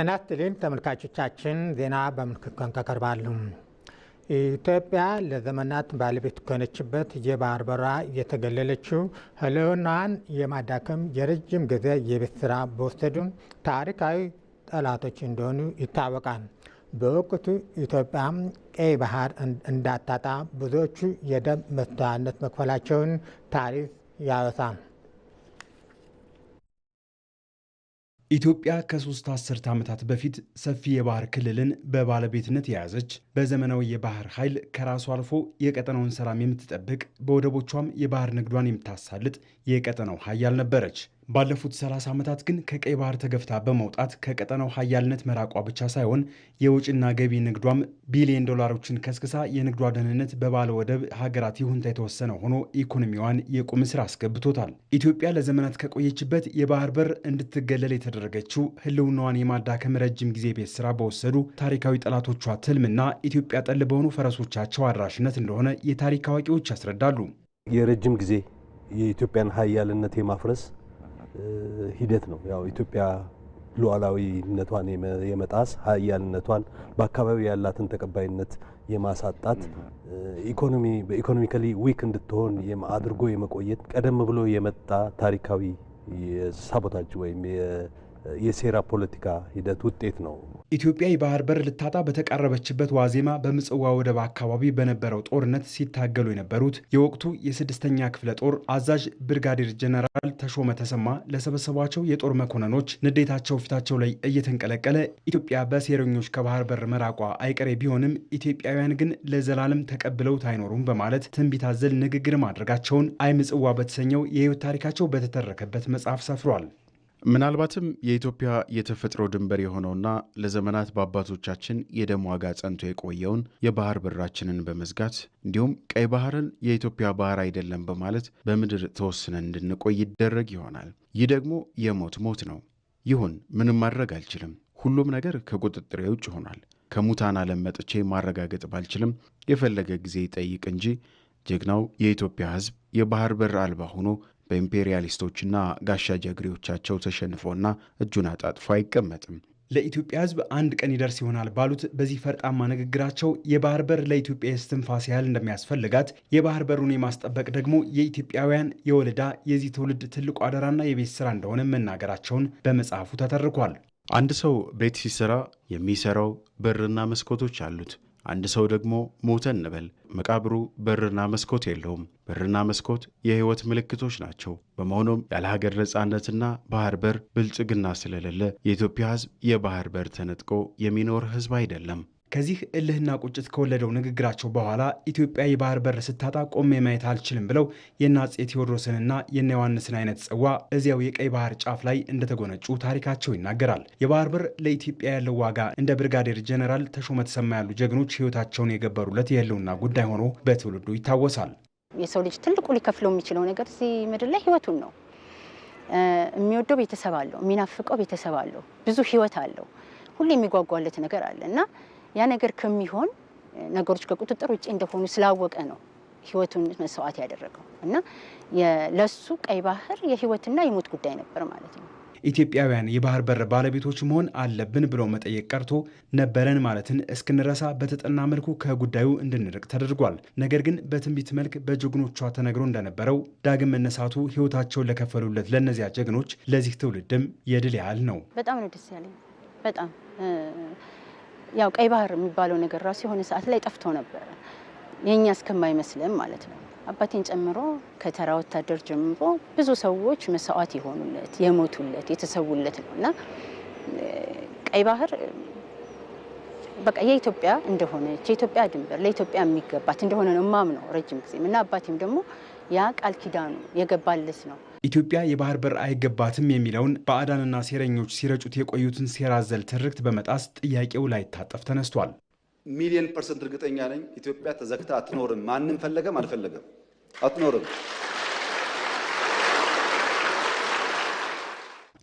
ጤና ይስጥልኝ ተመልካቾቻችን፣ ዜና በምልክት ቋንቋ ኢትዮጵያ ለዘመናት ባለቤት ከሆነችበት የባህር በሯ የተገለለችው ሕልውናዋን የማዳከም የረጅም ጊዜ የቤት ስራ በወሰዱ ታሪካዊ ጠላቶች እንደሆኑ ይታወቃል። በወቅቱ ኢትዮጵያ ቀይ ባህር እንዳታጣ ብዙዎቹ የደም መስዋዕትነት መክፈላቸውን ታሪክ ያወሳል። ኢትዮጵያ ከሶስት አስርተ ዓመታት በፊት ሰፊ የባህር ክልልን በባለቤትነት የያዘች በዘመናዊ የባህር ኃይል ከራሱ አልፎ የቀጠናውን ሰላም የምትጠብቅ በወደቦቿም የባህር ንግዷን የምታሳልጥ የቀጠናው ኃያል ነበረች። ባለፉት 30 ዓመታት ግን ከቀይ ባህር ተገፍታ በመውጣት ከቀጠናው ሀያልነት መራቋ ብቻ ሳይሆን የውጭና ገቢ ንግዷም ቢሊዮን ዶላሮችን ከስክሳ የንግዷ ደህንነት በባለ ወደብ ሀገራት ይሁንታ የተወሰነ ሆኖ ኢኮኖሚዋን የቁም ስር አስገብቶታል። ኢትዮጵያ ለዘመናት ከቆየችበት የባህር በር እንድትገለል የተደረገችው ህልውናዋን የማዳከም ረጅም ጊዜ ቤት ስራ በወሰዱ ታሪካዊ ጠላቶቿ ትልምና ኢትዮጵያ ጠል በሆኑ ፈረሶቻቸው አድራሽነት እንደሆነ የታሪክ አዋቂዎች ያስረዳሉ። የረጅም ጊዜ የኢትዮጵያን ሀያልነት የማፍረስ ሂደት ነው። ያው ኢትዮጵያ ሉዓላዊነቷን የመጣስ ሀያልነቷን በአካባቢ ያላትን ተቀባይነት የማሳጣት mm-hmm. ኢኮኖሚ በኢኮኖሚካሊ ዊክ እንድትሆን አድርጎ የመቆየት ቀደም ብሎ የመጣ ታሪካዊ የሳቦታጅ ወይም የሴራ ፖለቲካ ሂደት ውጤት ነው። ኢትዮጵያ የባህር በር ልታጣ በተቃረበችበት ዋዜማ በምጽዋ ወደብ አካባቢ በነበረው ጦርነት ሲታገሉ የነበሩት የወቅቱ የስድስተኛ ክፍለ ጦር አዛዥ ብርጋዴር ጀነራል ተሾመ ተሰማ ለሰበሰቧቸው የጦር መኮንኖች ንዴታቸው ፊታቸው ላይ እየተንቀለቀለ ኢትዮጵያ በሴረኞች ከባህር በር መራቋ አይቀሬ ቢሆንም ኢትዮጵያውያን ግን ለዘላለም ተቀብለውት አይኖሩም በማለት ትንቢት አዘል ንግግር ማድረጋቸውን አይ ምጽዋ በተሰኘው የህይወት ታሪካቸው በተተረከበት መጽሐፍ ሰፍሯል። ምናልባትም የኢትዮጵያ የተፈጥሮ ድንበር የሆነውና ለዘመናት በአባቶቻችን የደም ዋጋ ጸንቶ የቆየውን የባህር በራችንን በመዝጋት እንዲሁም ቀይ ባህርን የኢትዮጵያ ባህር አይደለም በማለት በምድር ተወስነን እንድንቆይ ይደረግ ይሆናል። ይህ ደግሞ የሞት ሞት ነው። ይሁን ምንም ማድረግ አልችልም። ሁሉም ነገር ከቁጥጥር ውጭ ይሆናል። ከሙታን ዓለም መጥቼ ማረጋገጥ ባልችልም የፈለገ ጊዜ ይጠይቅ እንጂ ጀግናው የኢትዮጵያ ሕዝብ የባህር በር አልባ ሆኖ በኢምፔሪያሊስቶችና ጋሻ ጀግሬዎቻቸው ተሸንፎና እጁን አጣጥፎ አይቀመጥም። ለኢትዮጵያ ሕዝብ አንድ ቀን ይደርስ ይሆናል ባሉት በዚህ ፈርጣማ ንግግራቸው የባህር በር ለኢትዮጵያ የስትንፋስ ያህል እንደሚያስፈልጋት የባህር በሩን የማስጠበቅ ደግሞ የኢትዮጵያውያን የወለዳ የዚህ ትውልድ ትልቁ አደራና የቤት ስራ እንደሆነ መናገራቸውን በመጽሐፉ ተተርኳል። አንድ ሰው ቤት ሲሰራ የሚሰራው በርና መስኮቶች አሉት። አንድ ሰው ደግሞ ሞተ እንበል። መቃብሩ በርና መስኮት የለውም። በርና መስኮት የሕይወት ምልክቶች ናቸው። በመሆኑም ያለ ሀገር ነፃነትና ባህር በር ብልጽግና ስለሌለ የኢትዮጵያ ህዝብ የባህር በር ተነጥቆ የሚኖር ህዝብ አይደለም። ከዚህ እልህና ቁጭት ከወለደው ንግግራቸው በኋላ ኢትዮጵያ የባህር በር ስታጣ ቆሜ ማየት አልችልም ብለው የነ አፄ ቴዎድሮስንና የነ ዮሐንስን አይነት ጽዋ እዚያው የቀይ ባህር ጫፍ ላይ እንደተጎነጩ ታሪካቸው ይናገራል። የባህር በር ለኢትዮጵያ ያለው ዋጋ እንደ ብርጋዴር ጀነራል ተሾመ ተሰማ ያሉ ጀግኖች ህይወታቸውን የገበሩለት የህልውና ጉዳይ ሆኖ በትውልዱ ይታወሳል። የሰው ልጅ ትልቁ ሊከፍለው የሚችለው ነገር እዚህ ምድር ላይ ህይወቱን ነው። የሚወደው ቤተሰብ አለው፣ የሚናፍቀው ቤተሰብ አለው፣ ብዙ ህይወት አለው፣ ሁሌ የሚጓጓለት ነገር አለ እና ያ ነገር ከሚሆን ነገሮች ከቁጥጥር ውጭ እንደሆኑ ስላወቀ ነው ህይወቱን መስዋዕት ያደረገው እና ለሱ ቀይ ባህር የህይወትና የሞት ጉዳይ ነበር ማለት ነው። ኢትዮጵያውያን የባህር በር ባለቤቶች መሆን አለብን ብሎ መጠየቅ ቀርቶ ነበረን ማለትን እስክንረሳ በተጠና መልኩ ከጉዳዩ እንድንርቅ ተደርጓል። ነገር ግን በትንቢት መልክ በጀግኖቿ ተነግሮ እንደነበረው ዳግም መነሳቱ ህይወታቸውን ለከፈሉለት ለእነዚያ ጀግኖች ለዚህ ትውልድም የድል ያህል ነው። በጣም ነው ደስ ያለኝ በጣም ያው ቀይ ባህር የሚባለው ነገር ራሱ የሆነ ሰዓት ላይ ጠፍቶ ነበረ፣ የእኛ እስከማይመስልም ማለት ነው። አባቴን ጨምሮ ከተራ ወታደር ጀምሮ ብዙ ሰዎች መስዋዕት የሆኑለት የሞቱለት የተሰዉለት ነው እና ቀይ ባህር በቃ የኢትዮጵያ እንደሆነች የኢትዮጵያ ድንበር ለኢትዮጵያ የሚገባት እንደሆነ ነው ማምነው ረጅም ጊዜም እና አባቴም ደግሞ ያ ቃል ኪዳኑ የገባለት ነው። ኢትዮጵያ የባህር በር አይገባትም የሚለውን በአዳንና ሴረኞች ሲረጩት የቆዩትን ሴራዘል ትርክት በመጣስ ጥያቄው ላይታጠፍ ተነስቷል። ሚሊዮን ፐርሰንት እርግጠኛ ነኝ ኢትዮጵያ ተዘግታ አትኖርም። ማንም ፈለገም አልፈለገም አትኖርም።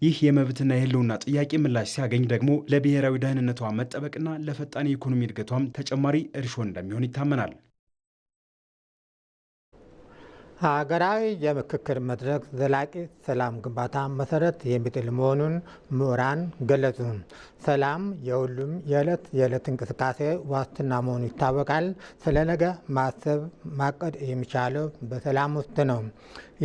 ይህ የመብትና የህልውና ጥያቄ ምላሽ ሲያገኝ ደግሞ ለብሔራዊ ደህንነቷ መጠበቅና ለፈጣን የኢኮኖሚ እድገቷም ተጨማሪ እርሾ እንደሚሆን ይታመናል። ሀገራዊ የምክክር መድረክ ዘላቂ ሰላም ግንባታ መሰረት የሚጥል መሆኑን ምሁራን ገለጹ። ሰላም የሁሉም የዕለት የዕለት እንቅስቃሴ ዋስትና መሆኑ ይታወቃል። ስለ ነገ ማሰብ ማቀድ የሚቻለው በሰላም ውስጥ ነው።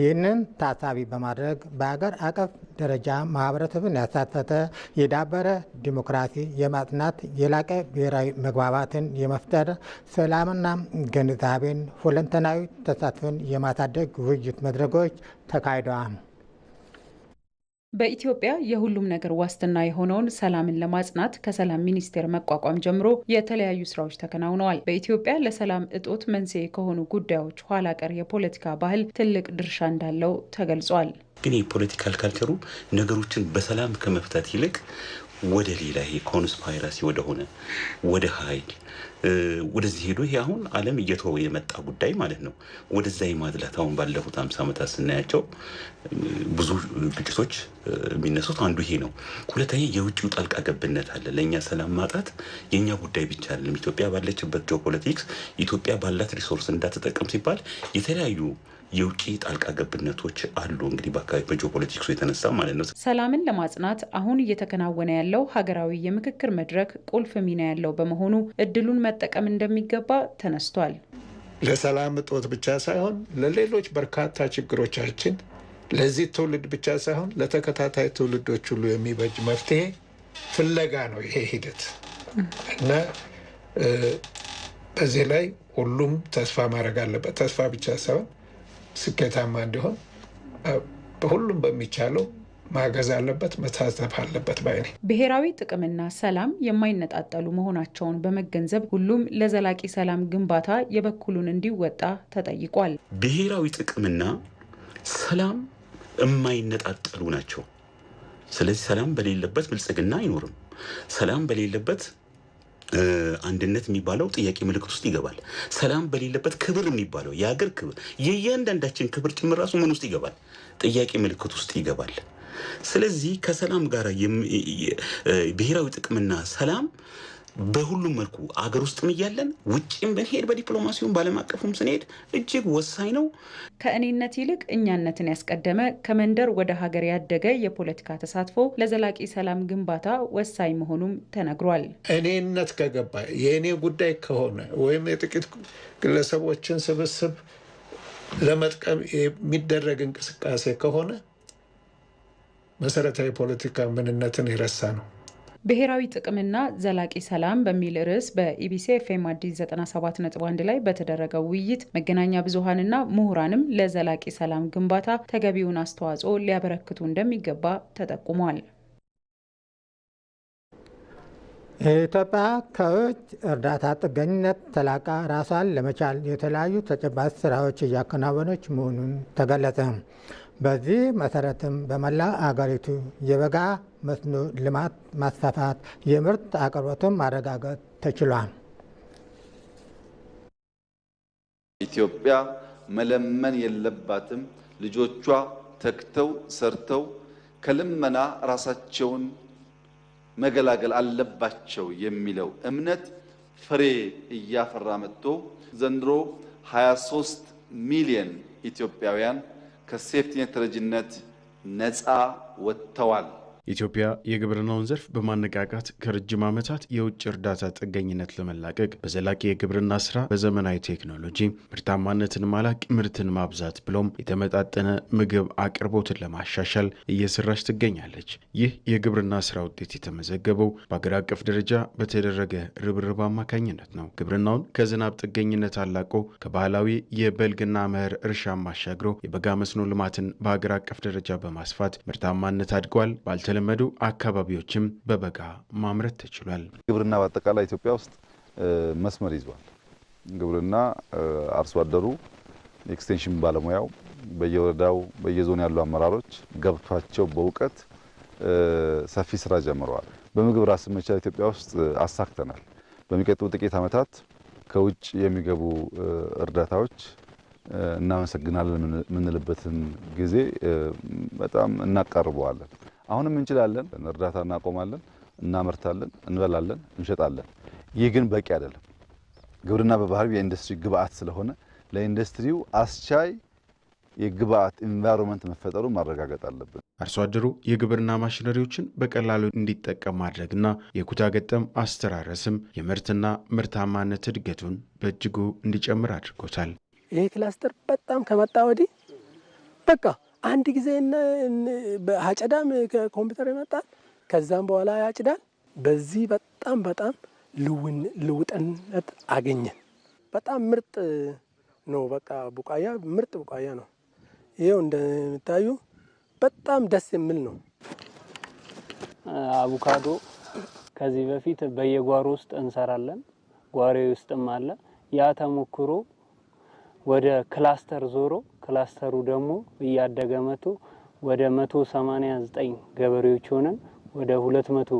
ይህንን ታሳቢ በማድረግ በሀገር አቀፍ ደረጃ ማህበረሰብን ያሳተተ የዳበረ ዲሞክራሲ የማጽናት የላቀ ብሔራዊ መግባባትን የመፍጠር ሰላምና ግንዛቤን ሁለንተናዊ ተሳትፎን የማሳደግ ውይይት መድረኮች ተካሂደዋል። በኢትዮጵያ የሁሉም ነገር ዋስትና የሆነውን ሰላምን ለማጽናት ከሰላም ሚኒስቴር መቋቋም ጀምሮ የተለያዩ ስራዎች ተከናውነዋል። በኢትዮጵያ ለሰላም እጦት መንስኤ ከሆኑ ጉዳዮች ኋላ ቀር የፖለቲካ ባህል ትልቅ ድርሻ እንዳለው ተገልጿል። ግን የፖለቲካል ካልቸሩ ነገሮችን በሰላም ከመፍታት ይልቅ ወደ ሌላ ይሄ ኮንስፓይራሲ ወደሆነ ወደ ሀይል ወደዚህ ሄዶ ይሄ አሁን ዓለም እየተወ የመጣ ጉዳይ ማለት ነው። ወደዛ የማድላት አሁን ባለፉት አምስት ዓመታት ስናያቸው ብዙ ግጭቶች የሚነሱት አንዱ ይሄ ነው። ሁለተኛ የውጭው ጣልቃ ገብነት አለ። ለእኛ ሰላም ማጣት የእኛ ጉዳይ ብቻ አይደለም። ኢትዮጵያ ባለችበት ጂኦፖለቲክስ ኢትዮጵያ ባላት ሪሶርስ እንዳትጠቀም ሲባል የተለያዩ የውጭ ጣልቃ ገብነቶች አሉ እንግዲህ በአካባቢ በጂኦፖለቲክሱ የተነሳ ማለት ነው። ሰላምን ለማጽናት አሁን እየተከናወነ ያለው ሀገራዊ የምክክር መድረክ ቁልፍ ሚና ያለው በመሆኑ እድሉን መጠቀም እንደሚገባ ተነስቷል። ለሰላም እጦት ብቻ ሳይሆን ለሌሎች በርካታ ችግሮቻችን ለዚህ ትውልድ ብቻ ሳይሆን ለተከታታይ ትውልዶች ሁሉ የሚበጅ መፍትሄ ፍለጋ ነው ይሄ ሂደት እና በዚህ ላይ ሁሉም ተስፋ ማድረግ አለበት። ተስፋ ብቻ ሳይሆን ስኬታማ እንዲሆን በሁሉም በሚቻለው ማገዝ አለበት፣ መታዘብ አለበት ባይኔ ብሔራዊ ጥቅምና ሰላም የማይነጣጠሉ መሆናቸውን በመገንዘብ ሁሉም ለዘላቂ ሰላም ግንባታ የበኩሉን እንዲወጣ ተጠይቋል። ብሔራዊ ጥቅምና ሰላም የማይነጣጠሉ ናቸው። ስለዚህ ሰላም በሌለበት ብልጽግና አይኖርም። ሰላም በሌለበት አንድነት የሚባለው ጥያቄ ምልክት ውስጥ ይገባል። ሰላም በሌለበት ክብር የሚባለው የሀገር ክብር የእያንዳንዳችን ክብር ጭምር ራሱ ምን ውስጥ ይገባል? ጥያቄ ምልክት ውስጥ ይገባል። ስለዚህ ከሰላም ጋር ብሔራዊ ጥቅምና ሰላም በሁሉም መልኩ አገር ውስጥም እያለን ውጭም ብንሄድ በዲፕሎማሲውም በዓለም አቀፉም ስንሄድ እጅግ ወሳኝ ነው። ከእኔነት ይልቅ እኛነትን ያስቀደመ ከመንደር ወደ ሀገር ያደገ የፖለቲካ ተሳትፎ ለዘላቂ ሰላም ግንባታ ወሳኝ መሆኑም ተነግሯል። እኔነት ከገባ የእኔ ጉዳይ ከሆነ ወይም የጥቂት ግለሰቦችን ስብስብ ለመጥቀም የሚደረግ እንቅስቃሴ ከሆነ መሰረታዊ ፖለቲካ ምንነትን የረሳ ነው። ብሔራዊ ጥቅምና ዘላቂ ሰላም በሚል ርዕስ በኢቢሲ ኤፍኤም አዲስ 1 ላይ በተደረገው ውይይት መገናኛ ብዙሀንና ምሁራንም ለዘላቂ ሰላም ግንባታ ተገቢውን አስተዋጽኦ ሊያበረክቱ እንደሚገባ ተጠቁሟል። የኢትዮጵያ ከውጭ እርዳታ ጥገኝነት ተላቃ ራሷን ለመቻል የተለያዩ ተጨባጭ ስራዎች እያከናወነች መሆኑን ተገለጸ። በዚህ መሰረትም በመላ አገሪቱ የበጋ መስኖ ልማት ማስፋፋት፣ የምርት አቅርቦትን ማረጋገጥ ተችሏል። ኢትዮጵያ መለመን የለባትም። ልጆቿ ተክተው ሰርተው ከልመና ራሳቸውን መገላገል አለባቸው የሚለው እምነት ፍሬ እያፈራ መጥቶ ዘንድሮ 23 ሚሊየን ኢትዮጵያውያን ከሴፍቲኔት ተረጅነት ነፃ ወጥተዋል። ኢትዮጵያ የግብርናውን ዘርፍ በማነቃቃት ከረጅም ዓመታት የውጭ እርዳታ ጥገኝነት ለመላቀቅ በዘላቂ የግብርና ስራ በዘመናዊ ቴክኖሎጂ ምርታማነትን ማላቅ፣ ምርትን ማብዛት ብሎም የተመጣጠነ ምግብ አቅርቦትን ለማሻሻል እየሰራች ትገኛለች። ይህ የግብርና ስራ ውጤት የተመዘገበው በአገር አቀፍ ደረጃ በተደረገ ርብርብ አማካኝነት ነው። ግብርናውን ከዝናብ ጥገኝነት አላቆ ከባህላዊ የበልግና መኸር እርሻ ማሻግሮ የበጋ መስኖ ልማትን በአገር አቀፍ ደረጃ በማስፋት ምርታማነት አድጓል። ባልተለ የተለመዱ አካባቢዎችም በበጋ ማምረት ተችሏል። ግብርና በአጠቃላይ ኢትዮጵያ ውስጥ መስመር ይዟል። ግብርና አርሶ አደሩ፣ ኤክስቴንሽን ባለሙያው፣ በየወረዳው በየዞን ያሉ አመራሮች ገብቷቸው በእውቀት ሰፊ ስራ ጀምረዋል። በምግብ ራስን መቻል ኢትዮጵያ ውስጥ አሳክተናል። በሚቀጥሉ ጥቂት ዓመታት ከውጭ የሚገቡ እርዳታዎች እናመሰግናለን የምንልበትን ጊዜ በጣም እናቃርበዋለን። አሁንም እንችላለን። እርዳታ እናቆማለን፣ እናመርታለን፣ እንበላለን፣ እንሸጣለን። ይህ ግን በቂ አይደለም። ግብርና በባህሪው የኢንዱስትሪ ግብአት ስለሆነ ለኢንዱስትሪው አስቻይ የግብአት ኢንቫይሮንመንት መፈጠሩ ማረጋገጥ አለብን። አርሶ አደሩ የግብርና ማሽነሪዎችን በቀላሉ እንዲጠቀም ማድረግና የኩታ ገጠም አስተራረስም የምርትና ምርታማነት እድገቱን በእጅጉ እንዲጨምር አድርጎታል። ይህ ክላስተር በጣም ከመጣ ወዲህ በቃ አንድ ጊዜ አጨዳም ከኮምፒውተር ይመጣል። ከዛም በኋላ ያጭዳል። በዚህ በጣም በጣም ልውጥነት አገኘን። በጣም ምርጥ ነው። በቃ ቡቃያ ምርጥ ቡቃያ ነው። ይኸው እንደምታዩ በጣም ደስ የሚል ነው። አቮካዶ ከዚህ በፊት በየጓሮ ውስጥ እንሰራለን። ጓሬ ውስጥም አለ ያ ተሞክሮ ወደ ክላስተር ዞሮ ክላስተሩ ደግሞ እያደገ መቶ ወደ መቶ ሰማኒያ ዘጠኝ ገበሬዎች ሆነን ወደ ሁለት መቶ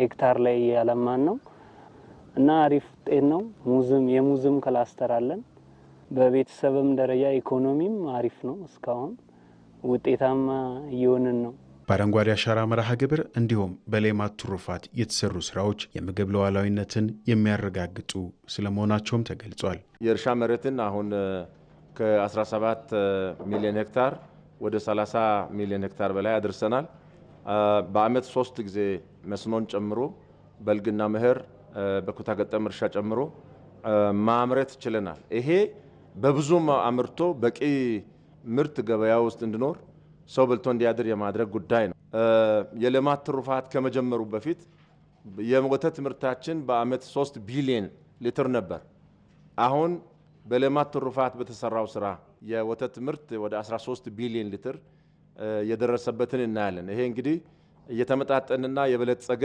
ሄክታር ላይ እያለማን ነው እና አሪፍ ውጤት ነው። ሙዝም የሙዝም ክላስተር አለን። በቤተሰብም ደረጃ ኢኮኖሚም አሪፍ ነው። እስካሁን ውጤታማ እየሆንን ነው። በአረንጓዴ አሻራ መርሃ ግብር እንዲሁም በሌማት ትሩፋት የተሰሩ ስራዎች የምግብ ለዋላዊነትን የሚያረጋግጡ ስለመሆናቸውም ተገልጿል። የእርሻ መሬትን አሁን ከ17 ሚሊዮን ሄክታር ወደ 30 ሚሊዮን ሄክታር በላይ አድርሰናል። በአመት ሶስት ጊዜ መስኖን ጨምሮ በልግና ምህር በኩታ ገጠም እርሻ ጨምሮ ማምረት ችለናል። ይሄ በብዙ አምርቶ በቂ ምርት ገበያ ውስጥ እንዲኖር ሰው በልቶ እንዲያድር የማድረግ ጉዳይ ነው። የልማት ትሩፋት ከመጀመሩ በፊት የወተት ምርታችን በአመት 3 ቢሊዮን ሊትር ነበር። አሁን በልማት ትሩፋት በተሰራው ስራ የወተት ምርት ወደ 13 ቢሊዮን ሊትር የደረሰበትን እናያለን። ይሄ እንግዲህ እየተመጣጠንና የበለጸገ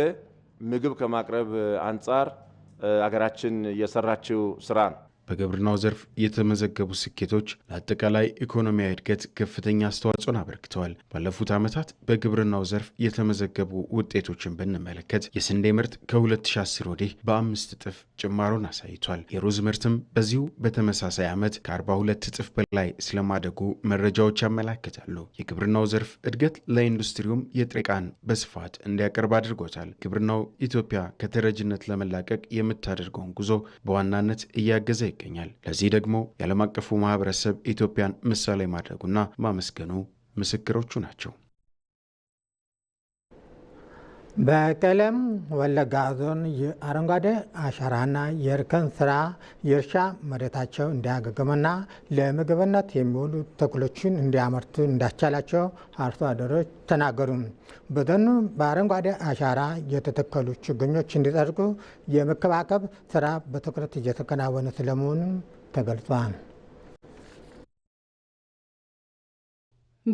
ምግብ ከማቅረብ አንጻር አገራችን የሰራችው ስራ ነው። በግብርናው ዘርፍ የተመዘገቡ ስኬቶች ለአጠቃላይ ኢኮኖሚያዊ እድገት ከፍተኛ አስተዋጽኦን አበርክተዋል። ባለፉት ዓመታት በግብርናው ዘርፍ የተመዘገቡ ውጤቶችን ብንመለከት የስንዴ ምርት ከ2010 ወዲህ በአምስት እጥፍ ጭማሮን አሳይቷል። የሩዝ ምርትም በዚሁ በተመሳሳይ ዓመት ከ42 እጥፍ በላይ ስለማደጉ መረጃዎች ያመላክታሉ። የግብርናው ዘርፍ እድገት ለኢንዱስትሪውም የጥሬ ዕቃን በስፋት እንዲያቀርብ አድርጎታል። ግብርናው ኢትዮጵያ ከተረጅነት ለመላቀቅ የምታደርገውን ጉዞ በዋናነት እያገዘ ይገኛል። ለዚህ ደግሞ የዓለም አቀፉ ማህበረሰብ ኢትዮጵያን ምሳሌ ማድረጉና ማመስገኑ ምስክሮቹ ናቸው። በቀለም ወለጋ ዞን የአረንጓዴ አሻራና የእርከን ስራ የእርሻ መሬታቸው እንዲያገግምና ለምግብነት የሚውሉ ተክሎችን እንዲያመርቱ እንዳስቻላቸው አርሶ አደሮች ተናገሩ። በዞኑ በአረንጓዴ አሻራ የተተከሉ ችግኞች እንዲጸድቁ የመከባከብ ስራ በትኩረት እየተከናወነ ስለመሆኑ ተገልጿል።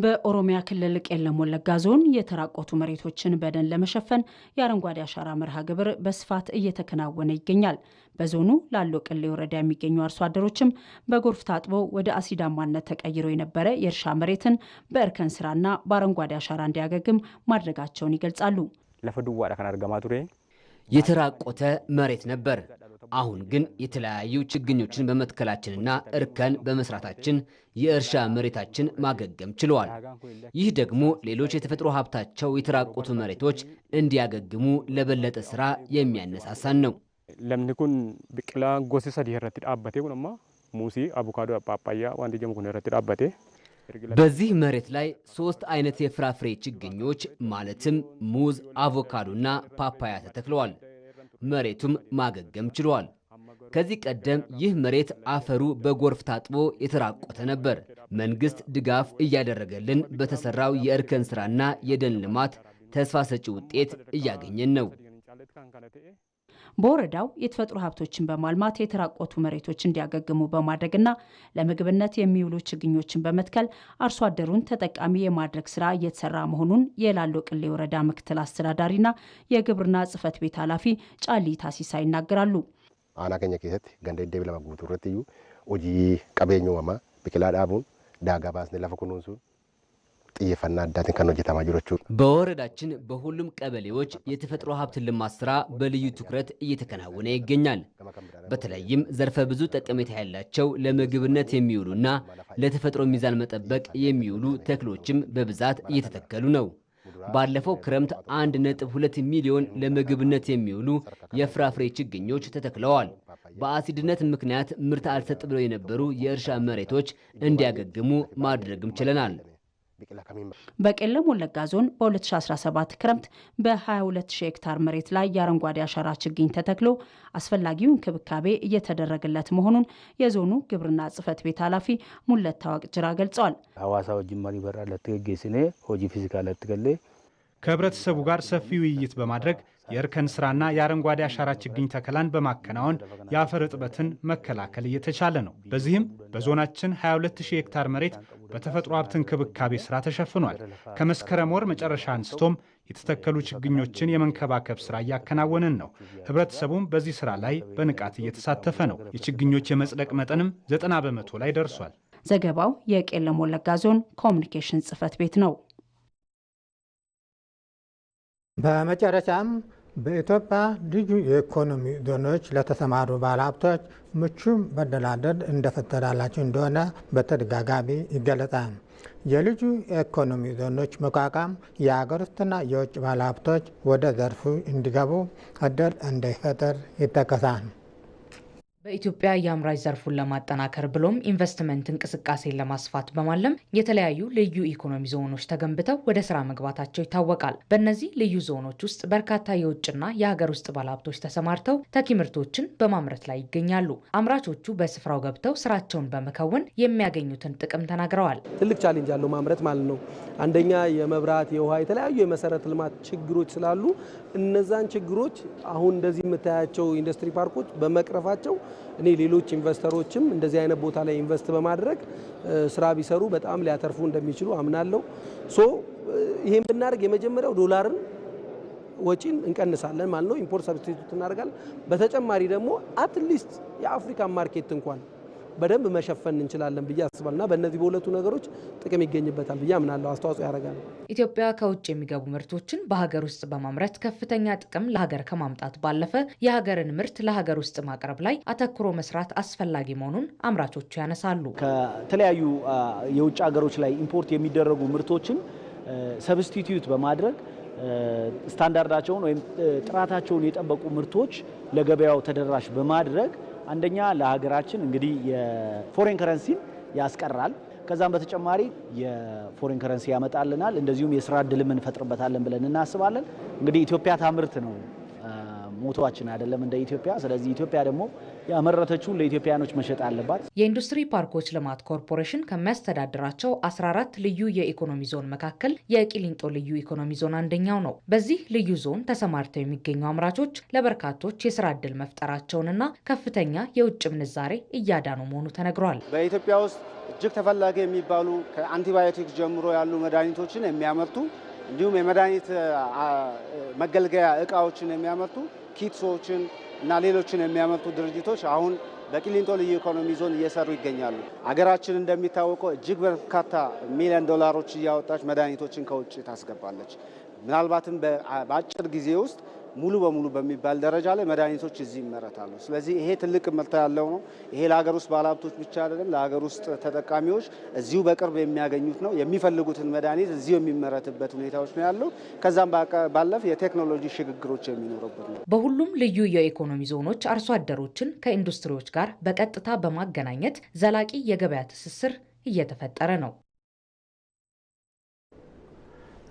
በኦሮሚያ ክልል ቄለም ወለጋ ዞን የተራቆቱ መሬቶችን በደን ለመሸፈን የአረንጓዴ አሻራ መርሃ ግብር በስፋት እየተከናወነ ይገኛል። በዞኑ ላሎ ቅሌ ወረዳ የሚገኙ አርሶ አደሮችም በጎርፍ ታጥቦ ወደ አሲዳማነት ተቀይሮ የነበረ የእርሻ መሬትን በእርከን ስራና በአረንጓዴ አሻራ እንዲያገግም ማድረጋቸውን ይገልጻሉ። ለፈ ከን አርገማ ቱሬ የተራቆተ መሬት ነበር። አሁን ግን የተለያዩ ችግኞችን በመትከላችንና እርከን በመስራታችን የእርሻ መሬታችን ማገገም ችለዋል። ይህ ደግሞ ሌሎች የተፈጥሮ ሀብታቸው የተራቆቱ መሬቶች እንዲያገግሙ ለበለጠ ስራ የሚያነሳሳን ነው። ለምኒኩን ብቅላ ጎሴ ሰዲ ዳበቴ ማ ሙሲ አቮካዶ ፓፓያ ዋንዲጀም ጀምኩን ረት ዳበቴ በዚህ መሬት ላይ ሶስት አይነት የፍራፍሬ ችግኞች ማለትም ሙዝ፣ አቮካዶና ፓፓያ ተተክለዋል። መሬቱም ማገገም ችሏል። ከዚህ ቀደም ይህ መሬት አፈሩ በጎርፍ ታጥቦ የተራቆተ ነበር። መንግስት ድጋፍ እያደረገልን በተሰራው የእርከን ሥራና የደን ልማት ተስፋ ሰጪ ውጤት እያገኘን ነው። በወረዳው የተፈጥሮ ሀብቶችን በማልማት የተራቆቱ መሬቶች እንዲያገግሙ በማድረግና ለምግብነት የሚውሉ ችግኞችን በመትከል አርሶ አደሩን ተጠቃሚ የማድረግ ስራ እየተሰራ መሆኑን የላሎ ቅሌ ወረዳ ምክትል አስተዳዳሪና የግብርና ጽህፈት ቤት ኃላፊ ጫሊ ታሲሳ ይናገራሉ። አና ከኛ ኬሰት ገንደ ደብ ለማጉቱ ረትዩ እዩ ቀቤኞ ቀቤኙ ብቅላ ዳቡን ዳጋባስ ባስኔ ጥየፈና አዳትን ከነ ጀታማ ጅሮቹ በወረዳችን በሁሉም ቀበሌዎች የተፈጥሮ ሀብት ልማት ስራ በልዩ ትኩረት እየተከናወነ ይገኛል። በተለይም ዘርፈ ብዙ ጠቀሜታ ያላቸው ለምግብነት የሚውሉና ለተፈጥሮ ሚዛን መጠበቅ የሚውሉ ተክሎችም በብዛት እየተተከሉ ነው። ባለፈው ክረምት 1.2 ሚሊዮን ለምግብነት የሚውሉ የፍራፍሬ ችግኞች ተተክለዋል። በአሲድነት ምክንያት ምርት አልሰጥ ብለው የነበሩ የእርሻ መሬቶች እንዲያገግሙ ማድረግም ችለናል። በቄለም ወለጋ ዞን በ2017 ክረምት በ220 ሄክታር መሬት ላይ የአረንጓዴ አሻራ ችግኝ ተተክሎ አስፈላጊው እንክብካቤ እየተደረገለት መሆኑን የዞኑ ግብርና ጽሕፈት ቤት ኃላፊ ታዋቅ ጅራ ገልጸዋል። ሀዋሳ ጅማሪ በራ ለትገጌ ስኔ ሆጂ ፊዚካ ለትገሌ ከህብረተሰቡ ጋር ሰፊ ውይይት በማድረግ የእርከን ስራና የአረንጓዴ አሻራ ችግኝ ተከላን በማከናወን የአፈር እጥበትን መከላከል እየተቻለ ነው። በዚህም በዞናችን 220 ሄክታር መሬት በተፈጥሮ ሀብት እንክብካቤ ስራ ተሸፍኗል። ከመስከረም ወር መጨረሻ አንስቶም የተተከሉ ችግኞችን የመንከባከብ ስራ እያከናወንን ነው። ህብረተሰቡም በዚህ ስራ ላይ በንቃት እየተሳተፈ ነው። የችግኞች የመጽደቅ መጠንም ዘጠና በመቶ ላይ ደርሷል። ዘገባው የቄለም ወለጋ ዞን ኮሚኒኬሽን ጽህፈት ቤት ነው። በመጨረሻም በኢትዮጵያ ልዩ የኢኮኖሚ ዞኖች ለተሰማሩ ባለሀብቶች ምቹ መደላደል እንደፈጠራላቸው እንደሆነ በተደጋጋሚ ይገለጻል። የልዩ የኢኮኖሚ ዞኖች መቋቋም የሀገር ውስጥና የውጭ ባለሀብቶች ወደ ዘርፉ እንዲገቡ እድል እንዳይፈጥር ይጠቀሳል። በኢትዮጵያ የአምራች ዘርፉን ለማጠናከር ብሎም ኢንቨስትመንት እንቅስቃሴን ለማስፋት በማለም የተለያዩ ልዩ ኢኮኖሚ ዞኖች ተገንብተው ወደ ስራ መግባታቸው ይታወቃል። በእነዚህ ልዩ ዞኖች ውስጥ በርካታ የውጭና የሀገር ውስጥ ባለሀብቶች ተሰማርተው ተኪ ምርቶችን በማምረት ላይ ይገኛሉ። አምራቾቹ በስፍራው ገብተው ስራቸውን በመከወን የሚያገኙትን ጥቅም ተናግረዋል። ትልቅ ቻሌንጅ አለው ማምረት ማለት ነው። አንደኛ የመብራት የውሃ፣ የተለያዩ የመሰረተ ልማት ችግሮች ስላሉ እነዛን ችግሮች አሁን እንደዚህ የምታያቸው ኢንዱስትሪ ፓርኮች በመቅረፋቸው እኔ ሌሎች ኢንቨስተሮችም እንደዚህ አይነት ቦታ ላይ ኢንቨስት በማድረግ ስራ ቢሰሩ በጣም ሊያተርፉ እንደሚችሉ አምናለሁ። ሶ ይሄን ብናደርግ የመጀመሪያው ዶላርን ወጪን እንቀንሳለን ማለት ነው። ኢምፖርት ሰብስቲቱት እናደርጋለን። በተጨማሪ ደግሞ አትሊስት የአፍሪካን ማርኬት እንኳን በደንብ መሸፈን እንችላለን ብዬ አስባል እና በእነዚህ በሁለቱ ነገሮች ጥቅም ይገኝበታል ብዬ አምናለሁ። አስተዋጽኦ ያደርጋል። ኢትዮጵያ ከውጭ የሚገቡ ምርቶችን በሀገር ውስጥ በማምረት ከፍተኛ ጥቅም ለሀገር ከማምጣት ባለፈ የሀገርን ምርት ለሀገር ውስጥ ማቅረብ ላይ አተኩሮ መስራት አስፈላጊ መሆኑን አምራቾቹ ያነሳሉ። ከተለያዩ የውጭ ሀገሮች ላይ ኢምፖርት የሚደረጉ ምርቶችን ሰብስቲትዩት በማድረግ ስታንዳርዳቸውን ወይም ጥራታቸውን የጠበቁ ምርቶች ለገበያው ተደራሽ በማድረግ አንደኛ ለሀገራችን እንግዲህ የፎሬን ከረንሲን ያስቀራል። ከዛም በተጨማሪ የፎሬን ከረንሲ ያመጣልናል። እንደዚሁም የስራ እድልም እንፈጥርበታለን ብለን እናስባለን። እንግዲህ ኢትዮጵያ ታምርት ነው ሞቷችን አይደለም እንደ ኢትዮጵያ። ስለዚህ ኢትዮጵያ ደግሞ ያመረተችውን ለኢትዮጵያውያኖች መሸጥ አለባት። የኢንዱስትሪ ፓርኮች ልማት ኮርፖሬሽን ከሚያስተዳድራቸው 14 ልዩ የኢኮኖሚ ዞን መካከል የቂሊንጦ ልዩ ኢኮኖሚ ዞን አንደኛው ነው። በዚህ ልዩ ዞን ተሰማርተው የሚገኙ አምራቾች ለበርካቶች የስራ ዕድል መፍጠራቸውንና ከፍተኛ የውጭ ምንዛሬ እያዳኑ መሆኑ ተነግሯል። በኢትዮጵያ ውስጥ እጅግ ተፈላጊ የሚባሉ ከአንቲባዮቲክስ ጀምሮ ያሉ መድኃኒቶችን የሚያመርቱ እንዲሁም የመድኃኒት መገልገያ እቃዎችን የሚያመርቱ ኪትሶችን እና ሌሎችን የሚያመርቱ ድርጅቶች አሁን በቂሊንጦ ልዩ ኢኮኖሚ ዞን እየሰሩ ይገኛሉ። አገራችን እንደሚታወቀው እጅግ በርካታ ሚሊዮን ዶላሮች እያወጣች መድኃኒቶችን ከውጭ ታስገባለች። ምናልባትም በአጭር ጊዜ ውስጥ ሙሉ በሙሉ በሚባል ደረጃ ላይ መድኃኒቶች እዚህ ይመረታሉ። ስለዚህ ይሄ ትልቅ ምርታ ያለው ነው። ይሄ ለሀገር ውስጥ ባለሀብቶች ብቻ አይደለም፣ ለሀገር ውስጥ ተጠቃሚዎች እዚሁ በቅርብ የሚያገኙት ነው። የሚፈልጉትን መድኃኒት እዚሁ የሚመረትበት ሁኔታዎች ነው ያለው። ከዛም ባለፍ የቴክኖሎጂ ሽግግሮች የሚኖሩበት ነው። በሁሉም ልዩ የኢኮኖሚ ዞኖች አርሶ አደሮችን ከኢንዱስትሪዎች ጋር በቀጥታ በማገናኘት ዘላቂ የገበያ ትስስር እየተፈጠረ ነው።